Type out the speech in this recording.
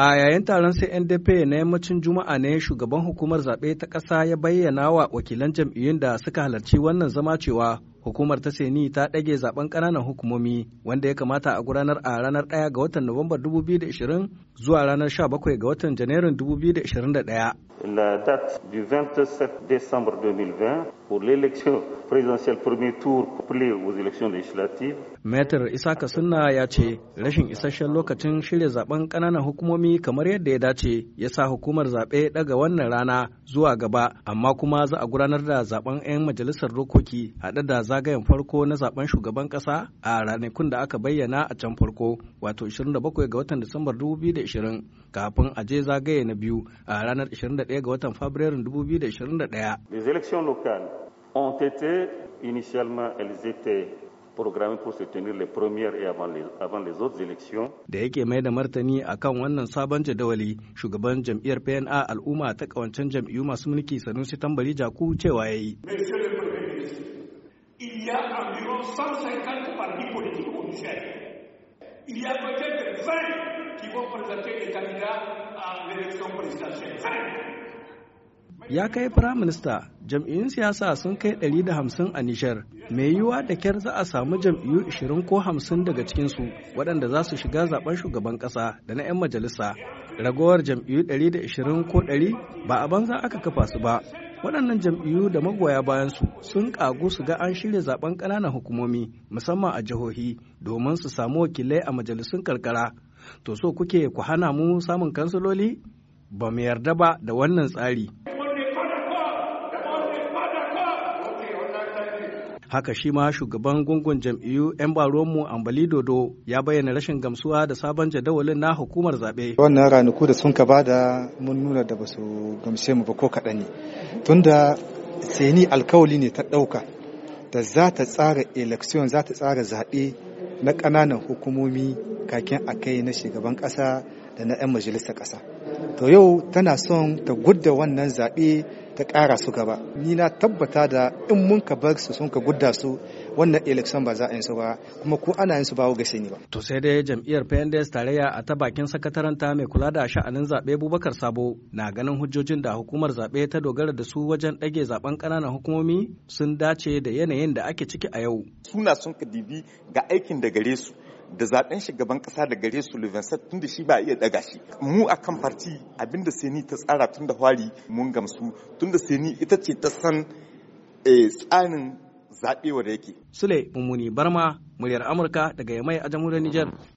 A yayin taron CNDP na yammacin Juma'a ne shugaban hukumar zaɓe ta ƙasa ya bayyana wa wakilan jam'iyyun da suka halarci wannan zama cewa hukumar ta seni ta ɗage zaben ƙananan hukumomi wanda ya kamata a gudanar a ranar 1 ga watan nuwambar 2020 zuwa ranar 17 ga watan janairun 2021 La date du 27 décembre 2020 pour l'élection présidentielle premier tour couplée aux élections législatives. Isaka Sunna ya ce rashin isasshen lokacin shirya zaben ƙananan hukumomi kamar yadda ya dace ya sa hukumar zaɓe daga wannan rana zuwa gaba amma kuma za a gudanar da zaben 'yan majalisar dokoki haɗe da zagayen farko na zaben shugaban kasa a ranakun da aka bayyana a can farko wato 27 ga watan Disambar 2020 kafin a je zagaye na biyu a ranar 21 ga watan Fabrairun 2021. Les élections locales ont été initialement elles étaient pour se tenir les et avant les, autres Da yake mai da martani a kan wannan sabon jadawali, shugaban jam'iyyar PNA al'umma ta kawancen jam'iyyu masu mulki Sanusi Tambari Jaku cewa ya yi. il y a environ 150 partis politiques au Niger. Il y a peut-être 20 qui vont présenter des candidats à ah, l'élection présidentielle. 20. ya kai firaminista jam'iyyun siyasa sun kai 150 a Nijar. Mai yiwuwa da kyar za a samu jam'iyyu 20 ko 50 daga cikinsu waɗanda za su shiga zaben shugaban ƙasa da na 'yan majalisa. Ragowar jam'iyyu 120 ko 100 ba a banza aka kafa su ba, waɗannan jam'iyyu da magoya bayan su sun ƙagu su ga an shirya zaben ƙananan hukumomi musamman a jihohi domin su samu wakilai a majalisun karkara to so kuke ku hana mu samun kansiloli ba mu yarda ba da wannan tsari haka shi ma shugaban gungun jam'iyyu 'yan baronmu ambali dodo ya bayyana rashin gamsuwa da sabon jadawalin na hukumar zaɓe wannan ranaku da sun ka bada mun nuna da basu gamshe mu ba ko kaɗan ne tunda sani alkawali ne ta ɗauka da za ta tsara election za ta tsara zaɓe na ƙananan hukumomi kakin a kai na shugaban ƙasa da na 'yan majalisar ƙasa to yau tana son ta gudda wannan zaɓe ta ƙara su gaba ni na tabbata da in mun ka bar su sun ka gudda su wannan election ba za a yin su ba kuma ko ana yin su ba ga ni ba to sai dai jam'iyyar PNDS tarayya a ta bakin sakataranta mai kula da sha'anin zaɓe Bubakar Sabo na ganin hujjojin da hukumar zaɓe ta dogara da su wajen ɗage zaɓen ƙananan hukumomi sun dace da yanayin da ake ciki a yau suna sun ka dibi ga aikin da gare su da zaɓen shugaban kasa da gare su Livingston tun da shi ba a iya ɗaga shi mu akan farti abinda Seni ta tsara tun da hwari mun gamsu tun da Seni ita ce ta san eh, tsarin zaɓe da yake Sule Mummuni Barma muryar Amurka daga Yamai a jamhuriyar Nijar